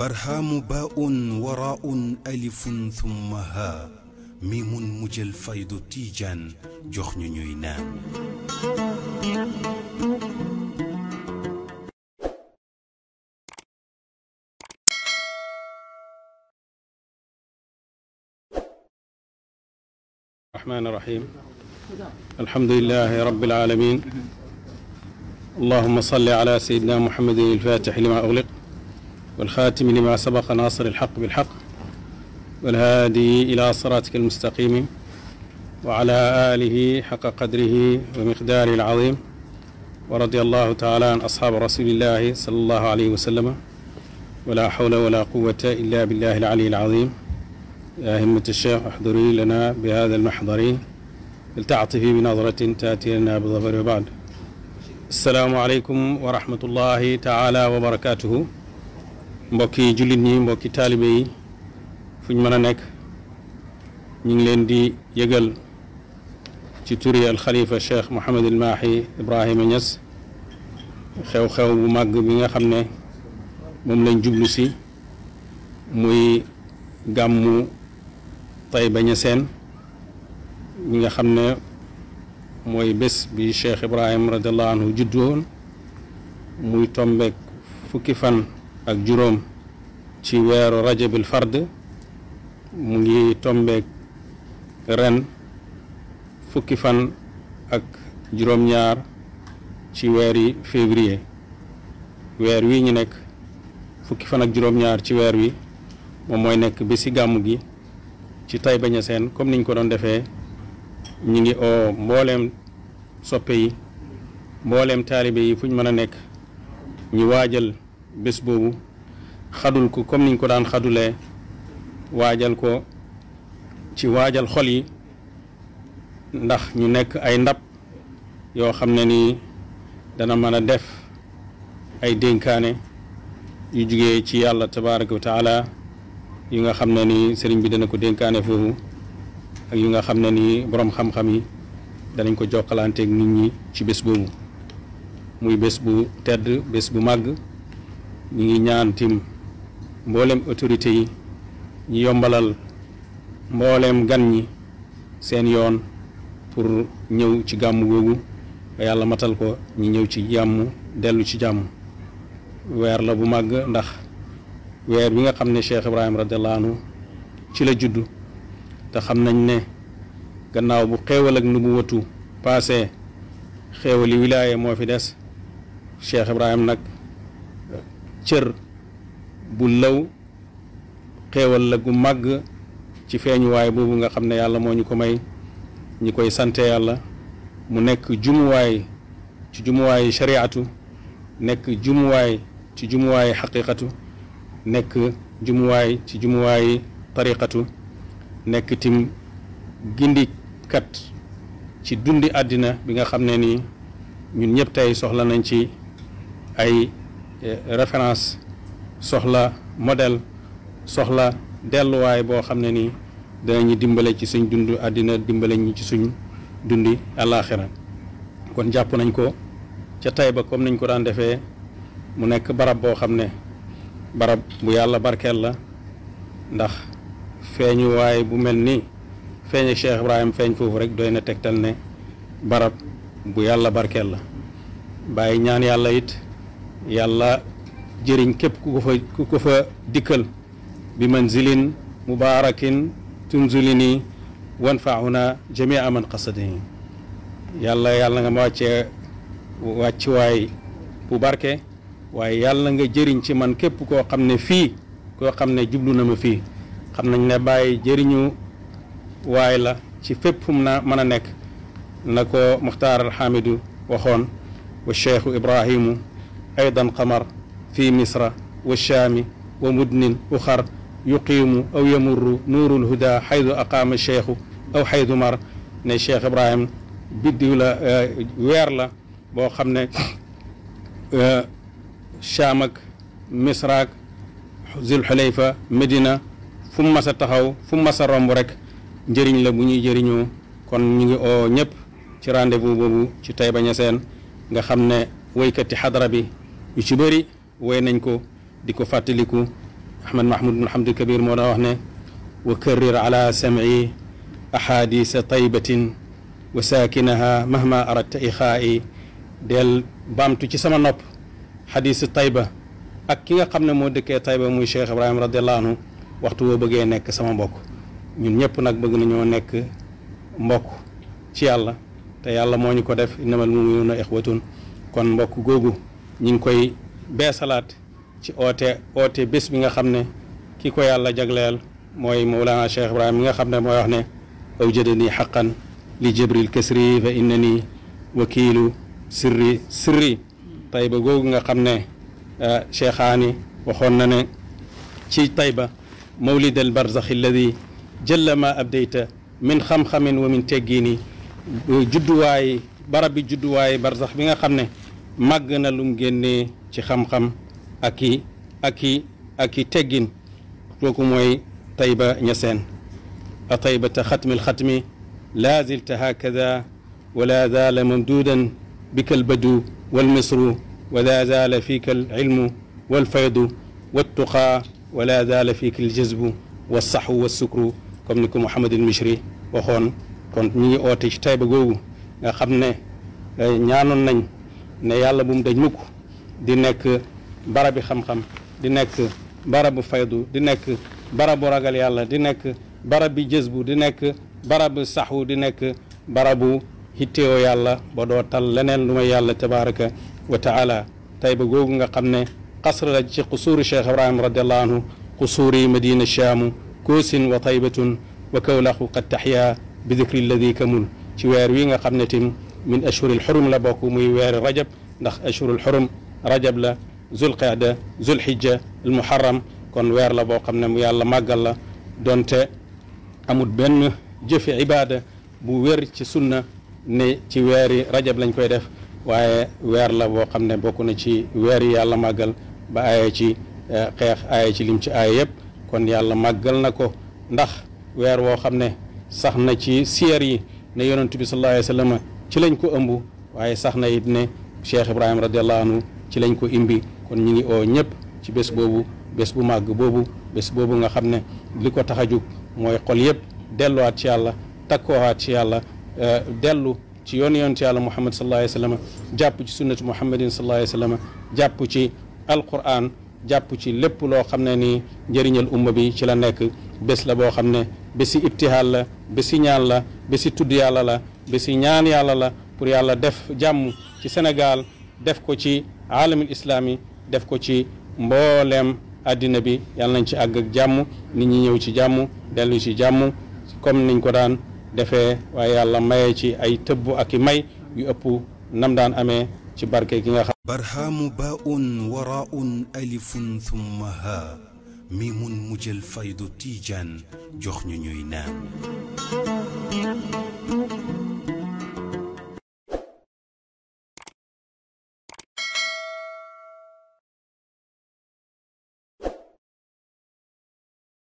برهام باء وراء ألف ثم ها ميم مجل فيض تيجان جخن نينان الرحمن الرحيم الحمد لله رب العالمين اللهم صل على سيدنا محمد الفاتح لما أغلق والخاتم لما سبق ناصر الحق بالحق والهادي إلى صراطك المستقيم وعلى آله حق قدره ومقداره العظيم ورضي الله تعالى عن أصحاب رسول الله صلى الله عليه وسلم ولا حول ولا قوة إلا بالله العلي العظيم يا همة الشيخ احضري لنا بهذا المحضر فلتعطفي بنظرة تأتي لنا بظفر بعد السلام عليكم ورحمة الله تعالى وبركاته mbokki jullit ñi mbokki taalibe yi fu ñu mën a nekk ñu ngi leen di yëgal ci turi alxalifa cheikh Mouhamadul Mahi Ibrahima Niass xew-xew bu màgg bi nga xam ne moom lañ jublu si muy gàmmu Taïba Niassène ñi nga xam ne mooy bés bi cheikh Ibrahima radiallahu anhu juddoon muy tombeek fukki fan ak juróom ci weeru rajabil fard mu ngi tombeek ren fukki fan ak juróom-ñaar ci weer yi février weer wii ñu nekk fukki fan ak juróom-ñaar ci weer wi moom mooy nekk bi si gàmm gi ci Taïba seen comme niñ ko doon defee ñu ngi oo mbooleem soppe yi mbooleem taalibe yi fu ñu mën a nekk ñu waajal bés boobu xadul ko comme ni niñ ko daan xadulee waajal ko ci waajal xol yi ndax ñu nekk ay ndab yoo xam ne nii dana mën a def ay dénkaane yu jugee ci yàlla tabaraka wa taala yu nga xam ne nii sëriñ bi dana ko dénkaane foofu ak yu nga xam ne nii boroom xam-xam yi danañ ko jokkalanteeg nit ñi ci bés boobu muy bés bu tedd bés bu màgg ñu ngi ñaan tim mboolem autorité yi ñu yombalal mboolem gan ñi seen yoon pour ñëw ci gàmm googu ba yàlla matal ko ñu ñëw ci jàmm dellu ci jàmm weer la bu màgg ndax weer bi nga xam ne Cheikh Ibrahima radiyallahu ci la juddu te xam nañ ne gannaaw bu xéewal ak nubuwatu passé xéewali wilaaya moo fi des Cheikh Ibrahima nag cër bu law xéewal la gu màgg ci feeñuwaay boobu nga xam ne yàlla moo ñu ko may ñi koy sante yàlla mu nekk jumuwaay ci jumuwaay shariatu nekk jumuwaay ci jumuwaay xaqiqatu nekk jumuwaay ci jumuwaay tariqatu nekk tim gindikat ci dundi àddina bi nga xam ne nii ñun ñëpp tey soxla nañ ci ay Eh, référence soxla model soxla delluwaay boo xam ne ni nii ñu dimbale ci suñ dund àddina dimbale ñu ci suñ dundi àllaaxira kon jàpp nañ ko ca tey ba comme nañ ko daan defee mu nekk barab boo xam ne barab bu yàlla barkeel la ndax feeñu waaye bu mel ni feeñ ak Cheikh Ibrahim feeñ foofu rek doy na tegtal ne barab bu yàlla barkeel la bàyyi ñaan yàlla it yàlla jëriñ képp ku ko fa ku ko fa dikkal bi manzilin mubaarakin tunzulini wanfauna jamia aman qasadini yàlla yàlla nga ma wàccee wàccuwaay bu barke waaye yàlla nga jëriñ ci man képp koo xam ne fii koo xam ne jublu na ma fii xam nañ ne bàyyi jëriñu waay la ci fépp fu na mën a nekk na ko muxtaar alxamidu waxoon wa cheikhu ibrahimu أيضا قمر في مصر والشام ومدن أخر يقيم أو يمر نور الهدى حيث أقام الشيخ أو حيث مر ne Cheikh Ibrahim biddiw la weer la boo xam ne Shaam ak Misra ak Zul Xulayfa Medina fu mu mas a taxaw fu mu mas a romb rek njëriñ la bu ñuy jëriñoo kon ñu ngi oo ñëpp ci rendez-vous boobu ci Taïba Niassène nga xam ne woykati xadara bi yu ci bëri woy nañ ko di ko fàttaliku ahmad mahmoud bun hamdul kabir moo daa wax ne wa karrir ala sam'i ahadisa taybatin wa saakinaha mahma aradta ixaa'i del baamtu ci sama nopp xadisu tayba ak ki nga xam ne moo dëkkee tayba muy cheikh ibrahima radiallahu anhu waxtu woo bëggee nekk sama mbokk ñun ñëpp nag bëgg nañoo nekk mbokk ci yàlla te yàlla moo ñu ko def innamal muminuuna ixwatun kon mbokk googu ñu ngi koy beesalaat ci oote oote bés bi nga xam ne ki ko yàlla jagleel mooy Mawlana Cheikh Ibrahima mi nga xam ne mooy wax ne ni xaqan li jibril kasri fa inna ni wakiilu sirri sirri tayba googu nga xam ne eh, cheikhaani waxoon na ne ci tayba mawlid al barzax alladi jëlla ma abdayta min xam-xamin wa min teggiini judduwaay barab bi judduwaay barzax bi nga xam ne màgg na lum génnee ci xam-xam ak i ak i ak i teggin kooku mooy Tayba Ñaseen a taybata xatmi alxatmi laa zilta hakada wala zaala mamdudan bika albadu walmisru wala zaala fika alilmu walfaydu والتقى ولا زال فيك الجذب والصحو والسكر comme ni ko Mouhamed El Michri waxoon kon ñi ngi oote ci Tayba googu nga xam ne ñaanoon nañ ne yàlla bu mu dañ muko di nekk barabi xam-xam di nekk barabu faydu di nekk barabu ragal yàlla di nekk barabi jezbu di nekk barabu sahu di nekk barabu hittewoo yàlla bo do tal lenen luma yàlla tabaraka wa taala tay ba googu nga xamne ne qasr la ci qusuuri cheikh ibrahim radiallahu anhu qusuuri madina shaamu koosin wa taybatun wa kawlaxu qad taxiyaa bi dicri alladi min ashuril xurum la bokk muy weeru rajab ndax ashurul xurum rajab la zulqaada zulhijja al muharram kon weer la boo xam ne mu yàlla màggal la donte amul benn jëfe ibaada bu wér ci sunna ne ci weeri rajab lañ koy def waaye weer la boo xam ne bokk na ci weer yi yàlla màggal ba aaye ci eh, xeex aaye ci lim ci aaye yëpp kon yàlla màggal na ko ndax weer woo xam ne sax na ci siyeer yi ne yonent bi sallallahu alayhi ci lañ ko ëmb waaye sax na it ne Cheikh Ibrahima radiallahu anhu ci lañ ko imbi kon ñu ngi oo ñëpp ci bés boobu bés bu màgg boobu bés boobu nga xam ne li ko tax a jóg mooy xol yëpp delluwaat ci yàlla takkoowaat ci yàlla euh, dellu ci yoon yoon ci yàlla muhammad sallallahu alayhi wa sallam jàpp ci sunnatu muhammadin sallallahu alayhi wa sallam jàpp ci alquran jàpp ci lépp loo xam ne nii njëriñal umma bi ci la nekk bés la boo xam ne bési ibtihaal la bési ñaan la bési tudd yàlla la bési ñaan yàlla la pour yàlla def jàmm ci Sénégal def ko ci alamil islami def ko ci mbooleem àddina bi yàlla nañ ci àgg ak jàmm nit ñi ñëw ci jàmm dellu ci jàmm comme niñ ko daan defee waaye yàlla maye ci ay tëbb ak i may yu ëpp nam daan amee ci barke gi nga xam barhaamu baaun waraun alifun thumma ha mimun mujjal faydu tiijaan jox ñu ñuy naan